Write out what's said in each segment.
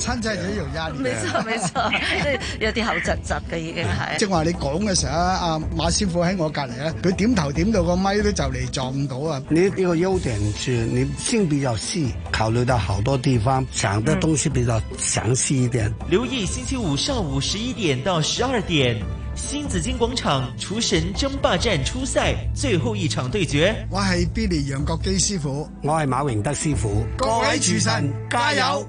真真係啲肉渣嘅，冇錯冇錯，有啲口窒窒嘅已經係。即係話你講嘅時候啊，阿馬師傅喺我隔籬咧，佢點頭點到個咪都就嚟撞到啊、這個！你呢個優點係你心比較細，考慮到好多地方，想嘅東西比較詳細一點、嗯。留意星期五上午十一點到十二點，新紫荊廣場廚神爭霸戰初賽最後一場對決。我係 Billy 楊國基師傅，我係馬榮德師傅，各位廚神加油！加油！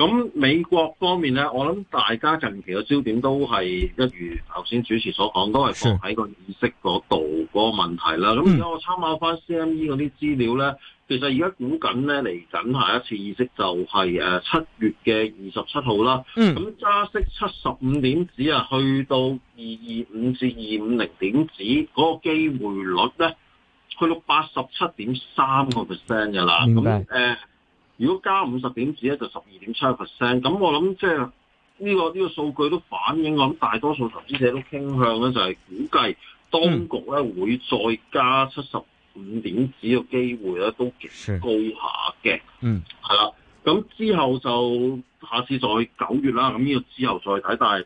咁美國方面咧，我諗大家近期嘅焦點都係一如頭先主持所講，都係放喺個議息嗰度嗰個問題啦。咁而家我參考翻 CME 嗰啲資料咧、嗯，其實而家估緊咧嚟緊下一次議息就係誒七月嘅二十七號啦。咁、嗯、加息七十五點子啊，去到二二五至二五零點子，嗰、嗰個機會率咧去到八十七點三個 percent 㗎啦。明白。咁誒。如果加五十點子咧，就十二點七個 percent。咁我諗即係呢個呢個數據都反映，我諗大多數投資者都傾向咧，就係、是、估計當局咧、嗯、會再加七十五點子嘅機會咧，都幾高下嘅。嗯，係啦。咁之後就下次再九月啦。咁呢個之後再睇。但係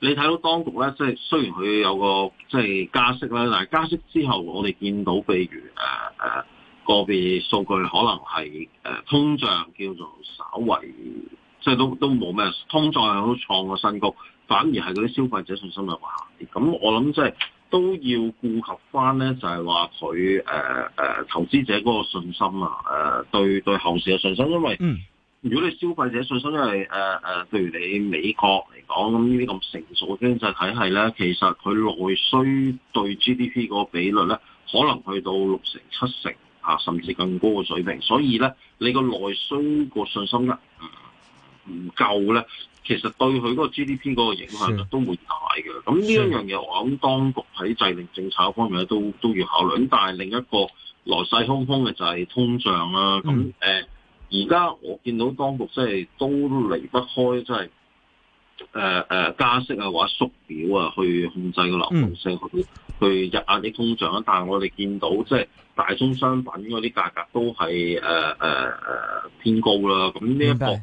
你睇到當局咧，即、就、係、是、雖然佢有個即係、就是、加息啦，但係加息之後，我哋見到譬如誒誒。呃個別數據可能係誒、呃、通脹叫做稍為即係、就是、都都冇咩通脹有都創個新高，反而係嗰啲消費者信心係下行。咁我諗即係都要顧及翻咧，就係話佢誒投資者嗰個信心啊，誒、呃、對對後市嘅信心。因為、嗯、如果你消費者信心，因為誒誒譬如你美國嚟講，咁呢啲咁成熟嘅經濟體系咧，其實佢內需對 G D P 嗰個比率咧，可能去到六成七成。啊，甚至更高嘅水平，所以咧，你個內需個信心咧唔唔夠咧，其實對佢嗰個 GDP 嗰個影響都會大嘅。咁呢一樣嘢，我諗當局喺制定政策方面咧，都都要考慮。咁但係另一個來勢洶洶嘅就係通脹啦。咁誒，而家、嗯呃、我見到當局即係都離不開即係。誒、呃、誒、呃，加息啊，或者縮表啊，去控制個流動性，去去日壓啲通脹。但係我哋見到即係大宗商品嗰啲價格都係誒誒誒偏高啦。咁呢一個。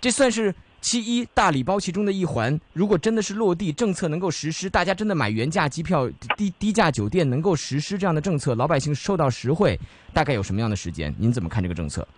這算是七一大禮包其中的一環。如果真的是落地，政策能夠實施，大家真的買原價機票、低低價酒店能夠實施這樣的政策，老百姓受到實惠，大概有什麼樣的時間？您怎麼看這個政策？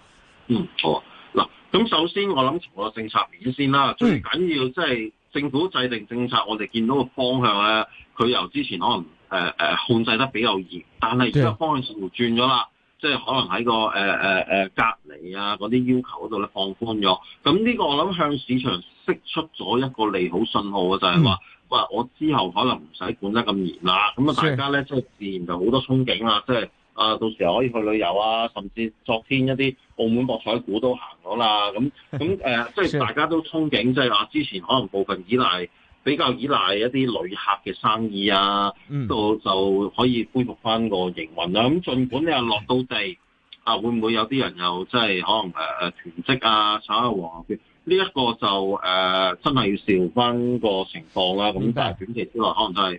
嗯，好啊，嗱，咁首先我諗從個政策面先啦，最緊要即係政府制定政策，我哋見到個方向咧，佢由之前可能誒誒、呃呃、控制得比較嚴，但係而家方向似乎轉咗啦。即係可能喺個誒誒誒隔離啊嗰啲要求嗰度咧放寬咗，咁呢個我諗向市場釋出咗一個利好信號嘅就係、是、話、嗯，哇！我之後可能唔使管得咁嚴啦，咁啊大家咧即係自然就好多憧憬啦，即係啊到時候可以去旅遊啊，甚至昨天一啲澳門博彩股都行咗啦、啊，咁咁誒即係大家都憧憬，即係話之前可能部分依賴。比較依賴一啲旅客嘅生意啊，嗯、都就可以恢復翻個營運啦、啊。咁儘管你又落到地，嗯、啊會唔會有啲人又即係可能誒誒囤積啊，炒下黃牛票？呢、這、一個就誒、呃、真係要笑返翻個情況啦、啊。咁即係短期之內可能都係。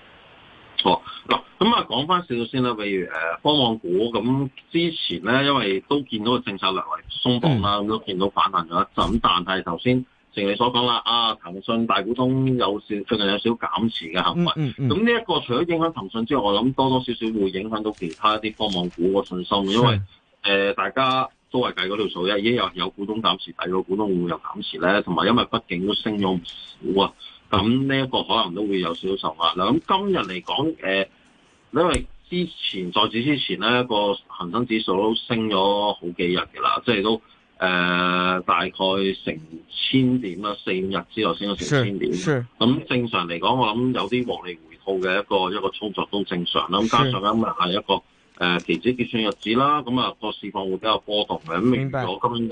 嗱、嗯，咁、嗯、啊，講翻少少先啦，譬如誒，科網股咁之前咧，因為都見到個政策略為鬆動啦，咁都見到反彈咗一陣，但係頭先正如你所講啦，啊騰訊大股東有少最近有少減持嘅行為，咁呢一個除咗影響騰訊之外，我諗多多少少會影響到其他一啲科網股個信心，因為誒、嗯呃、大家都係計嗰條數，一已經有有股東減持，第二個股東會有減持咧？同埋因為畢竟都升咗唔少啊。咁呢一個可能都會有少少受壓嗱，咁今日嚟講，誒，因為之前在此之前咧，個恒生指數都升咗好幾日㗎啦，即係都誒、呃、大概成千點啦，四五日之後升咗成千點。咁正常嚟講，我諗有啲獲利回吐嘅一個一個操作都正常啦。咁加上今日係，一個誒期指結算日子啦，咁、那、啊個市況會比較波動嘅。明白。我今日。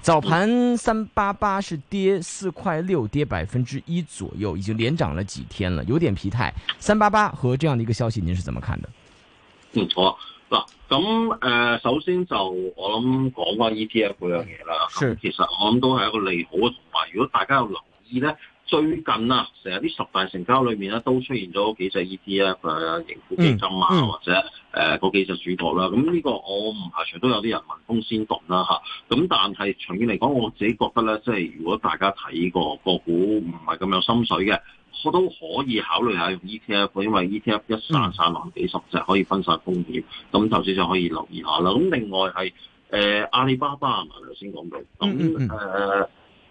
早盤三八八是跌四塊六，跌百分之一左右，已經連漲了幾天了，有點疲態。三八八和這樣的一個消息，您是怎麼看的？嗯好啊，嗱咁誒，首先就我諗講翻 ETF 嗰樣嘢啦，其實我諗都係一個利好啊，同埋如果大家有留意咧。最近啊，成日啲十大成交裏面咧、啊，都出現咗幾隻 ETF 啊，盈富基金啊，或者誒個、呃、幾隻主角啦。咁、嗯、呢、嗯、個我唔排除都有啲人聞風先動啦、啊、咁、啊、但係長遠嚟講，我自己覺得咧，即係如果大家睇過個股唔係咁有心水嘅，我都可以考慮下用 ETF，因為 ETF 一散散萬幾十隻，可以分散風險。咁頭先就可以留意下啦。咁另外係誒、呃、阿里巴巴啊，頭先講到咁誒。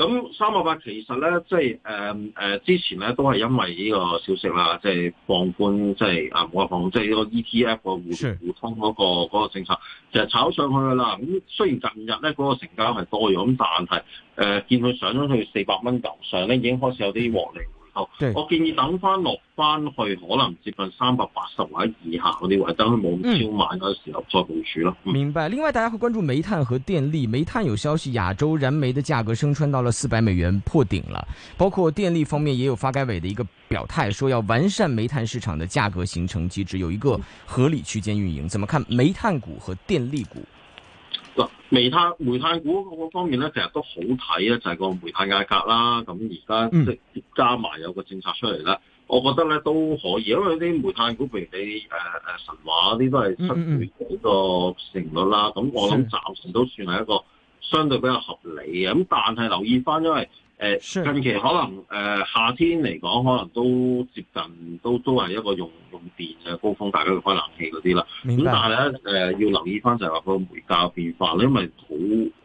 咁三百八其實咧，即係、嗯呃、之前咧都係因為呢個消息啦、就是，即係放寬，即係啊，冇話放即係呢個 ETF 個互通互通嗰個嗰、那個、政策，就係、是、炒上去啦。咁雖然近日咧嗰、那個成交係多咗，咁但係誒、呃、見佢上咗去四百蚊度上咧，已經開始有啲獲利。Oh, 對。我建議等翻落翻去，可能接近三百八十或者以下嗰啲位，等佢冇超買嗰時候再部署咯。明白。另外，大家會關注煤炭和電力。煤炭有消息，亞洲燃煤的價格升穿到了四百美元破頂了。包括電力方面，也有發改委的一個表態，說要完善煤炭市場的價格形成機制，有一個合理區間運營。怎麼看煤炭股和電力股？嗱，煤炭煤炭股嗰方面咧，其實都好睇咧，就係、是、個煤炭價格啦。咁而家即加埋有個政策出嚟呢，我覺得咧都可以，因為啲煤炭股，譬如你誒、啊、神話嗰啲都係七月嗰個成率啦。咁我諗暫時都算係一個相對比較合理嘅。咁但係留意翻，因為。近期可能誒、呃、夏天嚟講，可能都接近都都係一個用用電嘅、就係、高峰，大家要開冷氣嗰啲啦。咁但係咧誒，要留意翻就係話個煤價變化啦，因為好。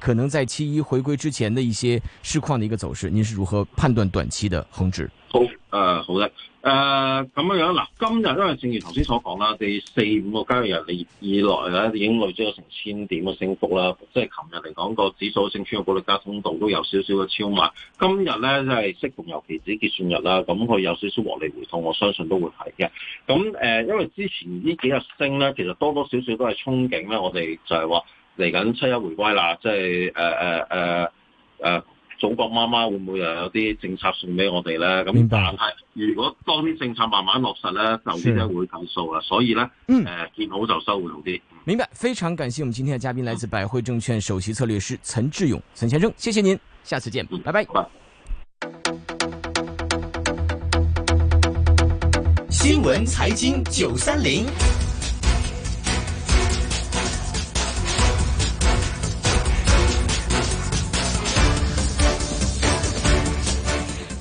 可能在七一回歸之前的一些市況的一個走勢，您是如何判斷短期的恒指？好，誒、呃，好的，誒、呃，咁樣嗱，今日因為正如頭先所講啦，第四五個交易日以以來咧，已經累積咗成千點嘅升幅啦。即係琴日嚟講個指數升穿嘅保力加通道都有少少嘅超買，今日咧，即係適逢，尤其指結算日啦，咁、嗯、佢有少少獲利回吐，我相信都會提嘅。咁、嗯、誒、呃，因為之前幾呢幾日升咧，其實多多少少都係憧憬咧，我哋就係話。嚟緊七一回歸啦，即係誒誒誒誒，祖國媽媽會唔會又有啲政策送俾我哋咧？咁但係如果當啲政策慢慢落實咧，就先會睇數啦。所以咧，誒見好就收會好啲。明白，非常感謝我們今天的嘉賓來自百惠證券首席策略師岑智勇，岑先生，謝謝您，下次見，嗯、拜,拜,拜拜。新聞財經九三零。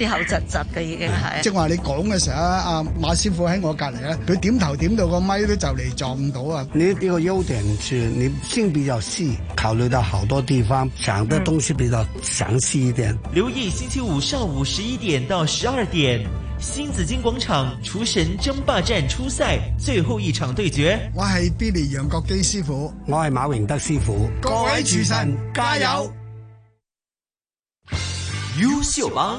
啲口窒窒嘅已經係，即係話你講嘅時候啊，阿馬師傅喺我隔籬咧，佢點頭點到個咪都就嚟撞到啊！呢呢個，優點就你心比較細，考慮到好多地方，想嘅東西比較詳細一點。嗯、留意星期五上午十一點到十二點，新紫荊廣場廚神爭霸戰初賽最後一場對決。我係 Billy 楊國基師傅，我係馬榮德師傅，各位廚神加油！優秀吧！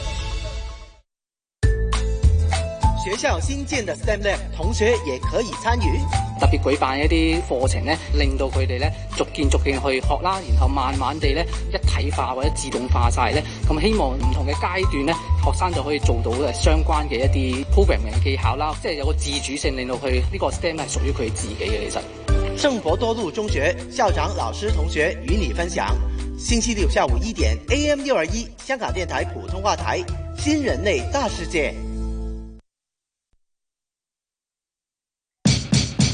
學校新建的 STEM 咧，同學也可以參與。特別舉辦一啲課程咧，令到佢哋咧逐漸逐漸去學啦，然後慢慢地咧一體化或者自動化晒咧。咁希望唔同嘅階段咧，學生就可以做到相關嘅一啲 programming 技巧啦，即係有個自主性，令到佢呢個 STEM 係屬於佢自己嘅。其實，聖伯多祿中學校長、老師、同學與你分享，星期六下午一點，AM 六二一，AM621, 香港電台普通話台，《新人類大世界》。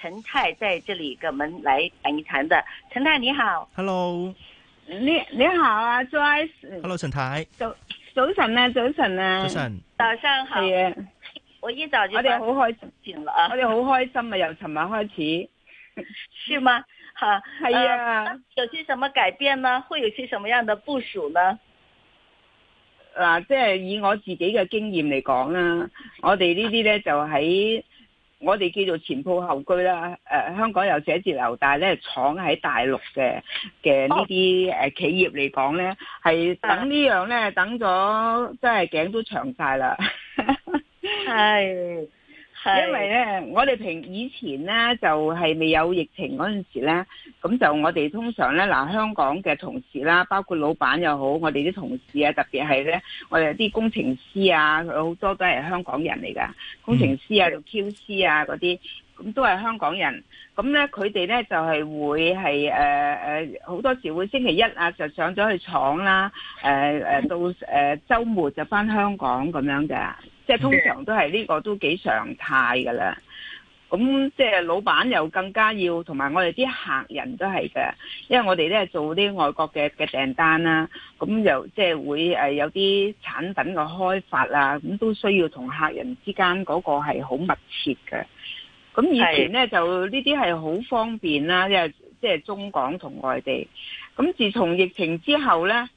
陳太在這裏跟我們來談一談的，陳太你好，Hello，你你好啊 Joyce，Hello 陳太，早早晨啊早晨啊早晨，早上好，係啊，我一早就，我哋好開心啦，我哋好開心啊，由尋晚開始， 是嗎？哈，係啊，啊啊有些什麼改變呢？會有些什麼樣的部署呢？嗱、啊，即係以我自己嘅經驗嚟講啦，我哋呢啲咧就喺。 我哋叫做前鋪後居啦、呃，香港有寫字樓，但係咧廠喺大陸嘅嘅呢啲呃企業嚟講咧，係、哦、等呢樣咧等咗，真係頸都長曬啦，係、 哎。因為咧，我哋平以前咧就係、是、未有疫情嗰陣時咧，咁就我哋通常咧，嗱香港嘅同事啦，包括老闆又好，我哋啲同事啊，特別係咧，我哋啲工程師啊，好多都係香港人嚟噶，工程師啊，QC 啊嗰啲，咁都係香港人。咁咧，佢哋咧就係、是、會係誒好多時會星期一啊就上咗去廠啦，呃、到誒、呃、週末就翻香港咁樣嘅。即係通常都係呢個都幾常態噶啦，咁即係老闆又更加要，同埋我哋啲客人都係嘅，因為我哋咧做啲外國嘅嘅訂單啦，咁又即係會誒、呃、有啲產品嘅開發啊，咁都需要同客人之間嗰個係好密切嘅。咁以前咧就呢啲係好方便啦，即係即係中港同外地。咁自從疫情之後咧。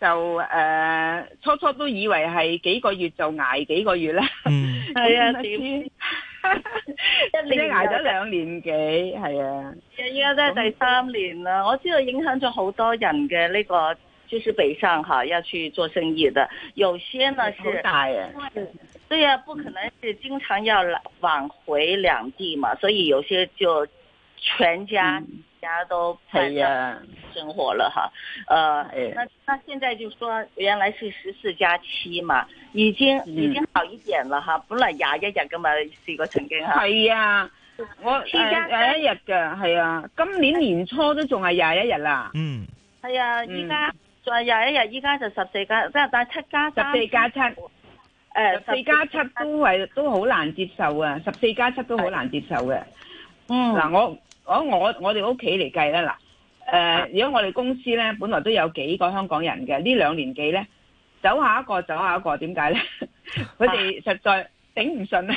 就誒、呃，初初都以為係幾個月就捱幾個月啦，係、嗯、啊，點 一係捱咗兩年幾，係啊，依家都係第三年啦。我知道影響咗好多人嘅呢、這個就是北上嚇、啊，要去做生意嘅，有些呢是，是大嘅、啊，對，啊，不可能是經常要往回兩地嘛，所以有些就全家。嗯家都平啊，生活了哈，啊、呃，啊、那那現在就說原來是十四加七嘛、嗯，已經已經好一點了吓，本來廿一日噶嘛，試過曾經哈。係啊，我誒廿一日嘅係啊，今年年初都仲係廿一日啦。嗯，係啊，依家仲廿一日，依家就十四加即係七加十四加七，誒、哎，四加七都係都好難接受啊，十四加七都好難接受嘅、哎。嗯，嗱我。我我我哋屋企嚟計咧嗱，誒、呃，如果我哋公司咧，本來都有幾個香港人嘅呢兩年幾咧，走下一個走下一個，點解咧？佢哋實在頂唔順啦，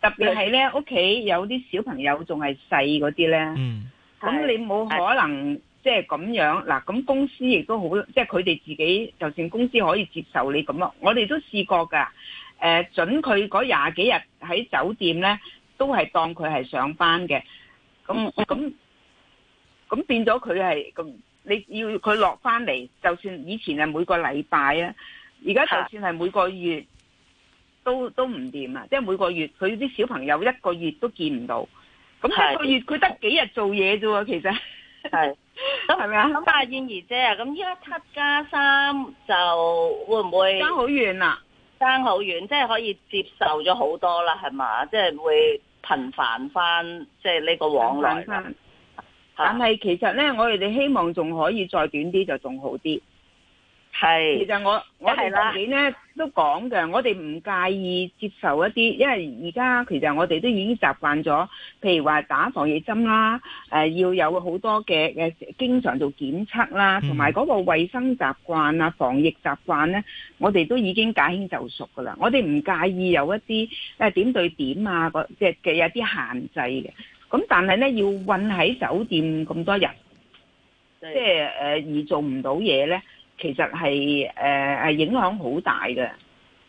特別係咧屋企有啲小朋友仲係細嗰啲咧，咁、嗯、你冇可能即係咁樣嗱。咁、呃、公司亦都好，即係佢哋自己，就算公司可以接受你咁咯，我哋都試過㗎。誒、呃，準佢嗰廿幾日喺酒店咧，都係當佢係上班嘅。咁咁咁變咗佢係咁，你要佢落翻嚟，就算以前係每個禮拜啊，而家就算係每個月都都唔掂啊！即係每個月，佢啲小朋友一個月都見唔到，咁一個月佢得幾日做嘢啫，其實係，都係咪啊？咁阿燕兒姐啊，咁依家七加三就會唔會爭好遠啦？爭好遠，即係可以接受咗好多啦，係嘛？即係會。頻繁翻，即係呢個往來，但係其實呢，我哋哋希望仲可以再短啲，就仲好啲。係，其實我我哋上年咧都講嘅，我哋唔介意接受一啲，因為而家其實我哋都已經習慣咗，譬如話打防疫針啦、呃，要有好多嘅嘅、呃、經常做檢測啦，同埋嗰個衛生習慣啊、防疫習慣咧，我哋都已經駕輕就熟噶啦。我哋唔介意有一啲誒、呃、點對點啊，即係嘅有啲限制嘅。咁但係咧要韞喺酒店咁多人，即係誒、呃、而做唔到嘢咧。其實係誒誒影響好大嘅，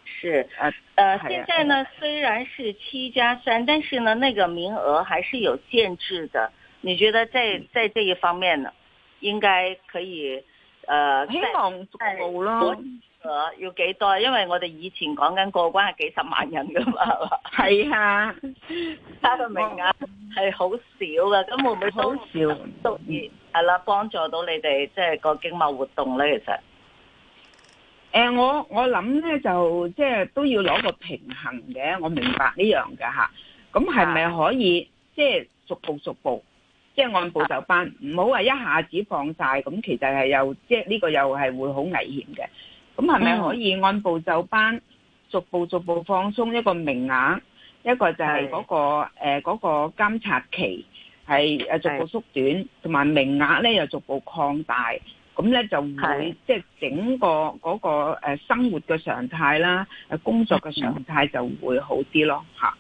是誒誒、呃啊，現在呢、嗯、雖然是七加三，但是呢那個名額還是有限制的。你覺得在在，在這一方面呢，應該可以誒、呃？希望足夠啦，要幾多？因為我哋以前講緊過關係幾十萬人噶嘛，係 啊，嗰個名額係好少噶，咁 會唔會都 好少？都係啦，幫助到你哋即係個經貿活動咧。其實，誒、呃，我我諗咧就即係都要攞個平衡嘅。我明白呢樣嘅吓。咁係咪可以即係逐步逐步，即、就、係、是、按部就班，唔好話一下子放晒。咁其實係又即係呢個又係會好危險嘅。咁係咪可以按部就班、嗯，逐步逐步放鬆一個名額，一個就係嗰、嗰個誒嗰、呃嗰個監察期。係誒逐步縮短，同埋名額咧又逐步擴大，咁咧就會即係、就是、整個嗰個生活嘅常態啦，誒工作嘅常態就會好啲咯吓，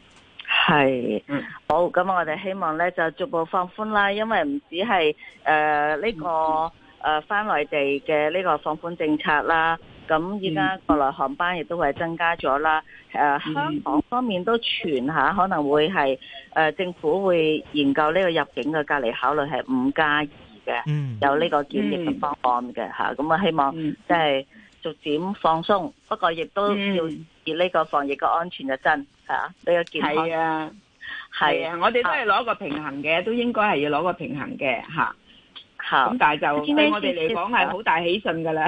係，嗯，好，咁我哋希望咧就逐步放寬啦，因為唔止係誒呢個誒返、呃、內地嘅呢個放寬政策啦。咁而家國內航班亦都係增加咗啦。誒、嗯啊、香港方面都傳嚇可能會係誒、呃、政府會研究呢個入境嘅隔離考慮係五加二嘅，有呢個檢疫嘅方案嘅嚇。咁、嗯、啊希望即係逐漸放鬆，嗯、不過亦都要以呢個防疫嘅安全嘅真嚇呢、啊呢個健康。啊，係啊，啊，啊，我哋都係攞個平衡嘅，都應該係要攞個平衡嘅嚇、啊。好，咁但係就對我哋嚟講係好大喜訊㗎啦。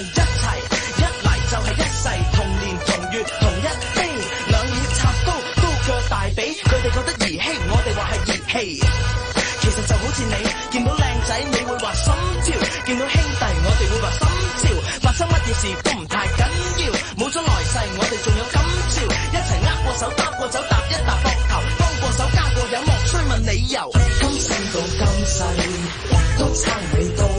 一齊，一嚟就係一世，同年同月同一天，兩肋插刀，刀過大髀，佢哋覺得兒戲，我哋話係義氣。其實就好似你見到靚仔，你會話心跳；見到兄弟，我哋會話心照。發生乜嘢事都唔太緊要，冇咗來世，我哋仲有今朝。一齊握過手，搭過手，搭一搭膊頭，幫過手，交過友，莫須問，問理由。今生到今世，都差唔多。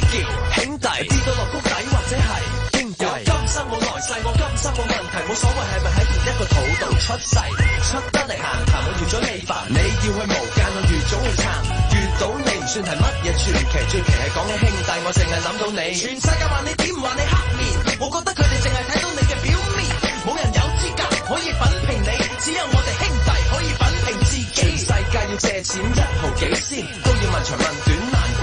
啲兄弟，跌到落谷底，或者係兄弟。我今生冇來世，我今生冇問題，冇所謂係咪喺同一個土度出世，出得嚟行行我遇咗你煩，你要去無間，我預早會撐，遇到你唔算係乜嘢傳奇，最奇係講起兄弟，我淨係諗到你。全世界話你點話你黑面，我覺得佢哋淨係睇到你嘅表面，冇人有資格可以品評你，只有我哋兄弟可以品評自己。世界要借錢一毫幾先，都要問長問短。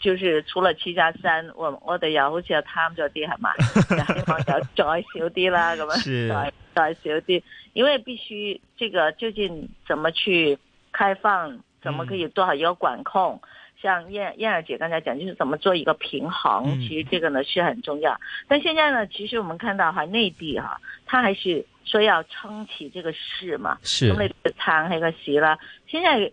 就是除了七加三，我我哋又好似又貪咗啲係嘛，然後又再少啲啦咁樣，再再少啲，因為必須這個究竟怎麼去開放，怎麼可以做好一個管控，嗯、像燕燕兒姐剛才講，就是怎麼做一個平衡，其實這個呢是很重要，嗯。但現在呢，其實我們看到哈內地哈、啊，他還是說要撐起這個市嘛，咁你撐起個市啦，現在。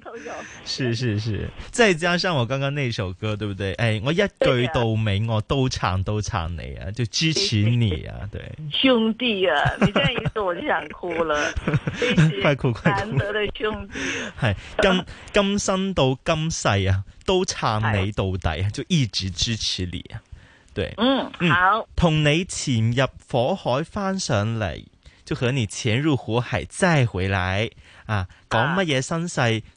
都是是是，再加上我剛剛那首歌，對不對？誒、哎，我一句到尾，啊、我都撐都撐你啊，就支持你啊，對。兄弟啊，你這樣意思我就想哭了，快哭！難得的兄弟、啊。係， 今今生到今世啊，都撐你到底啊、哎，就一直支持你啊，對。嗯，好。嗯、同你潛入火海翻上嚟，就和你潛入火海再回來啊，講乜嘢身世。啊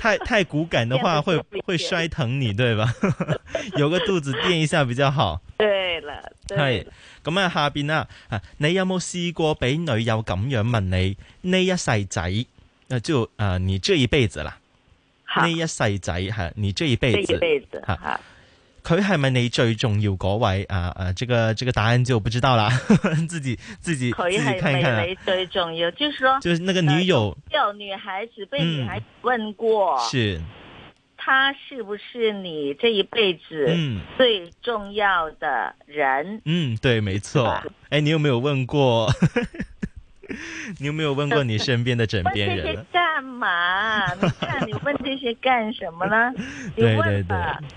太太骨感的話會，會會摔疼你，對吧？ 有個肚子墊一下比較好。對了，嗨，咁啊，下邊啦，啊，你有冇試過俾女友咁樣問你？呢一世仔，就、呃、你這一輩子啦。呢一世仔你這一輩子。這一輩子。佢係咪你最重要嗰位啊？啊，這個這個答案就不知道啦。自己自己自己看一看啊，佢係咪你最重要？就是說，就是那個女友、呃。有女孩子被女孩子問過，嗯、是她是不是你這一輩子最重要的人？嗯，嗯對，沒錯。哎，你有沒有問過？ 你有沒有問過你身邊的枕邊人？ 問這些幹嘛？ 你看，你問這些幹什麼呢？你問吧。對對對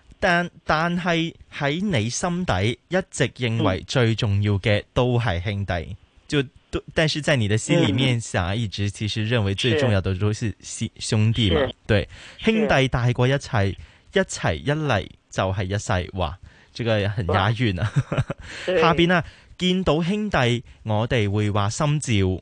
但但係喺你心底一直認為最重要嘅都係兄弟、嗯，就，但是在你的心裏面上，嗯、想一直其實認為最重要的都是兄兄弟嘛，對，兄弟大過一切，一齊一嚟就係一世哇，這個很也完啊， 下邊啊見到兄弟，我哋會話心照。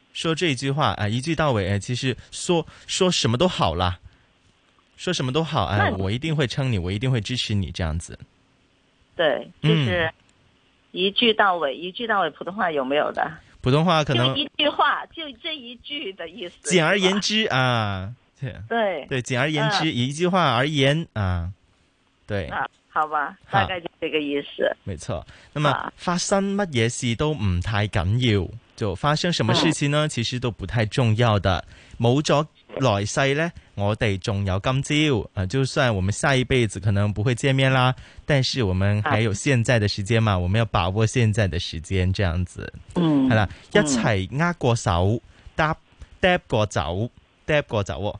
說這一句話啊，一句到尾，其實說說什麼都好啦，說什麼都好，麼都好、啊、我一定會撐你，我一定會支持你這樣子。對，就是一句、嗯、一句到尾，一句到尾，普通話有沒有的？普通話可能就一句話，就這一句的意思的。簡而言之啊，對對、對，簡而言之，呃、以一句話而言啊，對啊，好吧好，大概就這個意思。沒錯，那麼、啊、發生乜嘢事都唔太緊要。就發生什麼事情呢、嗯？其實都不太重要的，冇咗來世呢，我哋仲有今朝。啊，就算我們下一輩子可能不會見面啦，但是我們還有現在的時間嘛，我們要把握現在的時間，這樣子。嗯，係啦，一齊握過手，搭、嗯、搭過走，搭過走、哦。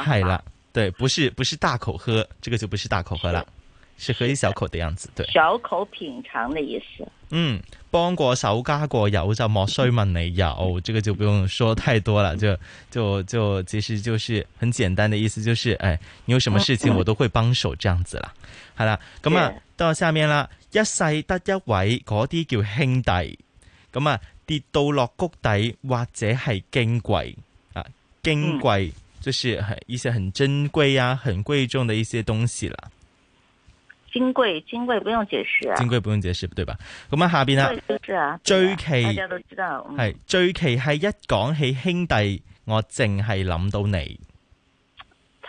係啦，對，不是不是大口喝，這個就不是大口喝了，是喝一小口的樣子，對，小口品嘗的意思。嗯，幫過手加過油就莫須問你有。 這個就不用說太多了，就就就，其實就是很簡單的意思，就是，誒、哎，你有什麼事情我都會幫手，這樣子啦。好、嗯、啦，咁啊，到下面啦，一世得一位嗰啲叫兄弟，咁啊，跌到落谷底或者係矜貴。矜貴就是很一些很珍貴啊，很貴重的一些東西啦。矜貴矜貴不用解釋，啊，矜貴不用解釋，對吧？咁啊，下邊啦，最奇係，大家都知道，啊嗯，最奇係一講起兄弟，我淨係諗到你。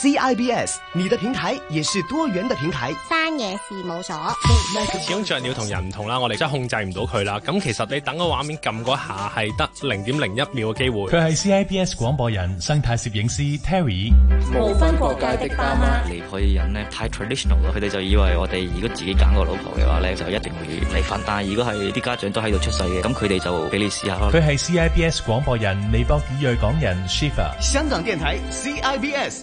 CIBS，你的平台也是多元的平台。山野事務所， 始終雀鳥同人唔同啦，我哋真係控制唔到佢啦。咁其實你等個畫面撳嗰下係得零點零一秒嘅機會。佢係 CIBS 廣播人、生態攝影師 Terry。無分國界的爸媽離可以呢太 traditional 啦。佢哋就以為我哋如果自己揀個老婆嘅話咧，就一定會離婚。但係如果係啲家長都喺度出世嘅，咁佢哋就俾你試下。佢係 CIBS 廣播人、尼泊爾裔港人 Shiva。香港電台 CIBS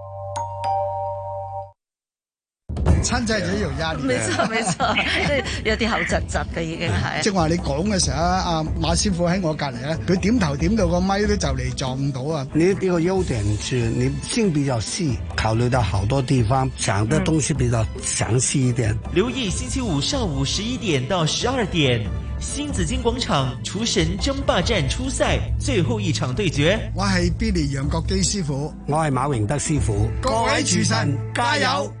真仔係要一，冇錯，冇錯，即係有啲口窒窒嘅已經係。即係話你講嘅時候，阿、啊、阿馬師傅喺我隔離咧，佢點頭點到個咪都就嚟撞唔到啊！你呢個優點係你心比較細，考慮到好多地方，想嘅東西比較詳細一點、嗯。留意星期五上午十一點到十二點，新紫荊廣場廚神爭霸戰初賽最後一場對決。我係 Billy 楊國基師傅，我係馬榮德師傅，各位廚神加油！加油。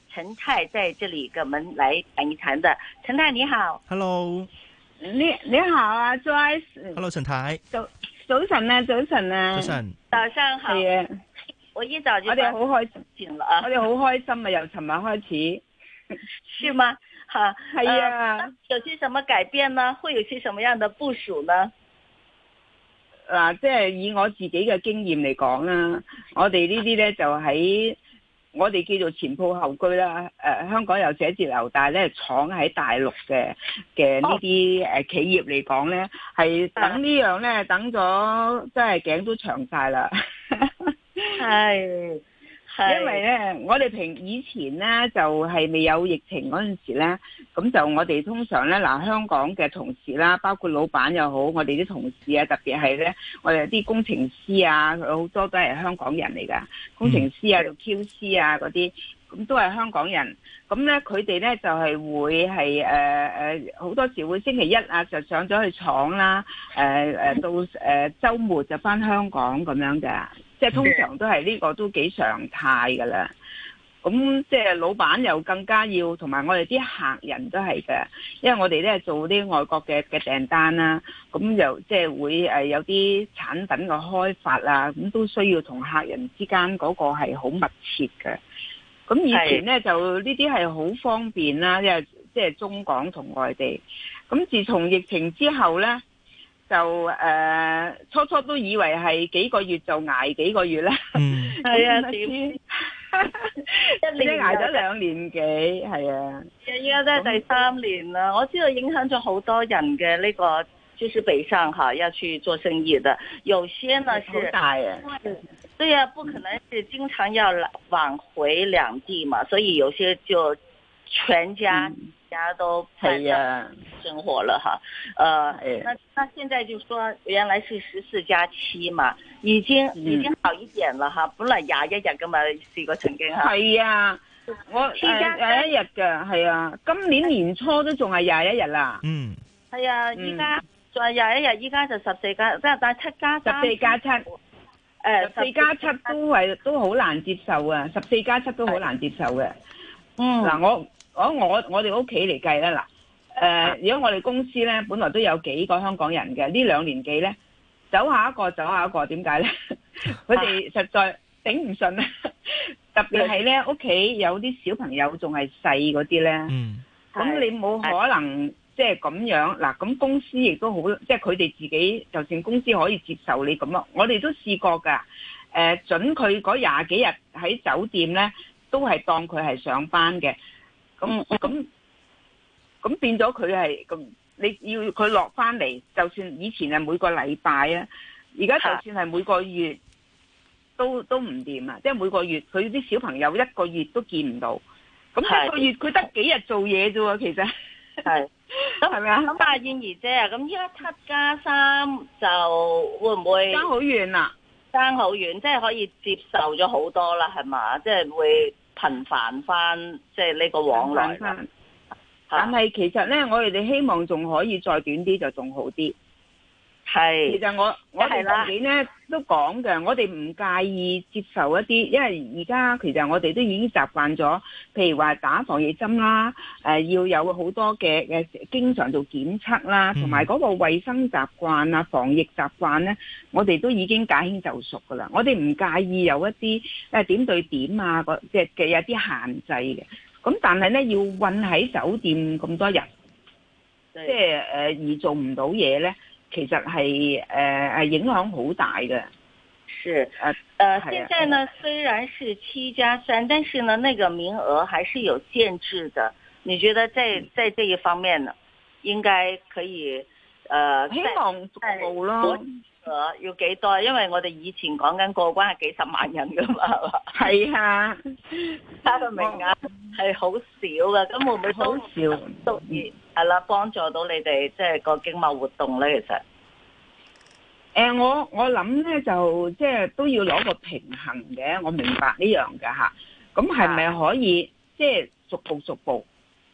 陳太在這裏跟我們來談一談的，陳太你好，Hello，你你好啊，Joyce，Hello 陳太，早早晨啊，早晨啊，早晨，早上好，啊、我一早就，我哋好開心啦，我哋好開心啊，由尋晚開始， 是嗎？哈 是嗎，係 啊，啊有些什麼改變呢？會有些什麼樣的部署呢？嗱、啊，即係以我自己嘅經驗嚟講啦， 我哋呢啲咧就喺。 我哋叫做前鋪後居啦、呃，香港有寫字樓，但咧廠喺大陸嘅嘅呢啲呃企業嚟講咧，係、哦、等樣呢樣咧等咗，真係頸都長曬啦。係、 哎。因為咧，我哋平以前咧就係、是、未有疫情嗰陣時咧，咁就我哋通常咧，嗱香港嘅同事啦，包括老闆又好，我哋啲同事啊，特別係咧，我哋啲工程師啊，好多都係香港人嚟噶，工程師啊，到 Q C 啊嗰啲，咁都係香港人。咁咧，佢哋咧就係、是、會係誒誒，好、呃、多時會星期一啊就上咗去廠啦，誒、呃、誒到誒周、呃、末就返香港咁樣嘅。即係通常都係呢個都幾常態噶啦，咁即係老闆又更加要，同埋我哋啲客人都係嘅，因為我哋咧做啲外國嘅嘅訂單啦，咁又即係會誒有啲產品嘅開發啊，咁都需要同客人之間嗰個係好密切嘅。咁以前咧就呢啲係好方便啦，即係即係中港同外地。咁自從疫情之後咧。就誒、呃，初初都以為係幾個月就捱幾個月啦。嗯。係啊，點 一你捱咗兩年幾，係啊。而家都係第三年啦，我知道影響咗好多人嘅呢、這個就是北上嚇、啊，要去做生意的，有些呢是，是。好大呀、啊！對啊呀，不可能是經常要來往回兩地嘛，所以有些就全家。嗯家都平安生活了哈，呃、啊啊啊，那那現在就說原來是十四加七嘛，已經已經好一點了哈、嗯，本來廿一日噶嘛試過曾經是個情景。係啊，我依家廿一日噶，係啊，今年年初都仲係廿一日啦。嗯，係啊，依家仲廿一日，依家就十四加即係加七加十四加七，誒，十四加七都係都好難接受啊，十四加七都好難接受嘅、啊。嗯，嗱我。我我我哋屋企嚟計咧，嗱，誒，如果我哋公司咧，本來都有幾個香港人嘅，呢兩年幾咧，走下一個，走下一個，點解咧？佢哋實在頂唔順啦，特別係咧屋企有啲小朋友仲係細嗰啲咧，咁、嗯、你冇可能即係咁樣嗱。咁公司亦都好，即係佢哋自己，就算公司可以接受你咁咯。我哋都試過噶誒、呃，準佢嗰廿幾日喺酒店咧，都係當佢係上班嘅。咁咁咁變咗佢係咁，你要佢落翻嚟，就算以前係每個禮拜啊，而家就算係每個月都都唔掂啊！即係每個月佢啲小朋友一個月都見唔到，咁一個月佢得幾日做嘢啫喎，其實係都係咪啊？咁啊燕兒姐啊，咁依家七加三就會唔會爭好遠啦？爭好遠，即係可以接受咗好多啦，係嘛？即係會。頻繁翻，即係呢個往來。但係其實呢，我哋哋希望仲可以再短啲，就仲好啲。係，其實我我上年咧都講嘅，我哋唔介意接受一啲，因為而家其實我哋都已經習慣咗，譬如話打防疫針啦，誒、呃、要有好多嘅嘅、呃、經常做檢測啦，同埋嗰個衛生習慣啊、防疫習慣咧，我哋都已經解輕就熟㗎喇。我哋唔介意有一啲誒、呃、點對點啊，即係嘅有啲限制嘅。咁但係咧要困喺酒店咁多人，即係誒、呃、而做唔到嘢咧。其實係誒誒影響好大嘅，是誒誒、呃啊，現在呢、嗯、雖然是七加三，但是呢那個名額還是有限制的。你覺得在在，在這一方面呢，應該可以誒、呃，希望做過關、呃、啊，要幾多？因為我哋以前講緊過關係幾十萬人噶嘛，係嘛？係啊，三個名額係好少噶，咁會唔會好少？都係啦，幫助到你哋即係個經貿活動咧。其實，誒、呃，我我諗咧就即係都要攞個平衡嘅，我明白呢樣嘅吓。咁係咪可以即係逐步逐步，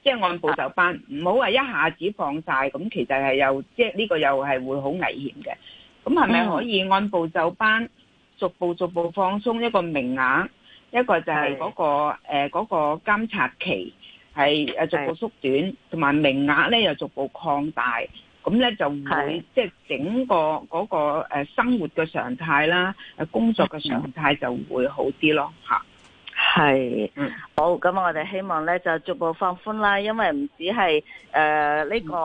即、就、係、是、按部就班，唔好話一下子放晒。咁其實係又即係呢個又係會好危險嘅。咁係咪可以按部就班，逐步逐步放鬆一個名額、嗯，一個就係嗰、那個誒嗰、呃那個監察期。係誒逐步縮短，同埋名額咧又逐步擴大，咁咧就會即係、就是、整個嗰個生活嘅常態啦，誒工作嘅常態就會好啲咯吓，係，嗯，好，咁我哋希望咧就逐步放寬啦，因為唔止係誒呢個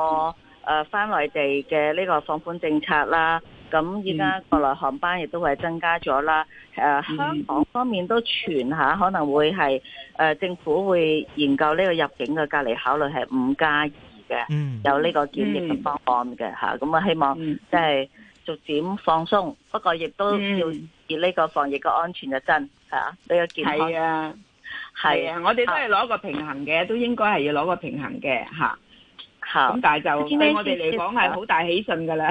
誒返、呃、內地嘅呢個放寬政策啦。咁依家國內航班亦都係增加咗啦、嗯啊。香港方面都傳嚇可能會係、呃、政府會研究呢個入境嘅隔離考慮係五加二嘅，有呢個建議嘅方案嘅咁、嗯、啊希望即係逐漸放鬆，嗯、不過亦都要以呢個防疫嘅安全嘅真嚇，對、啊呢個健康係啊係啊，啊，啊，我哋都係攞個平衡嘅，都應該係要攞個平衡嘅咁、啊、但係就對我哋嚟講係好大喜訊㗎啦。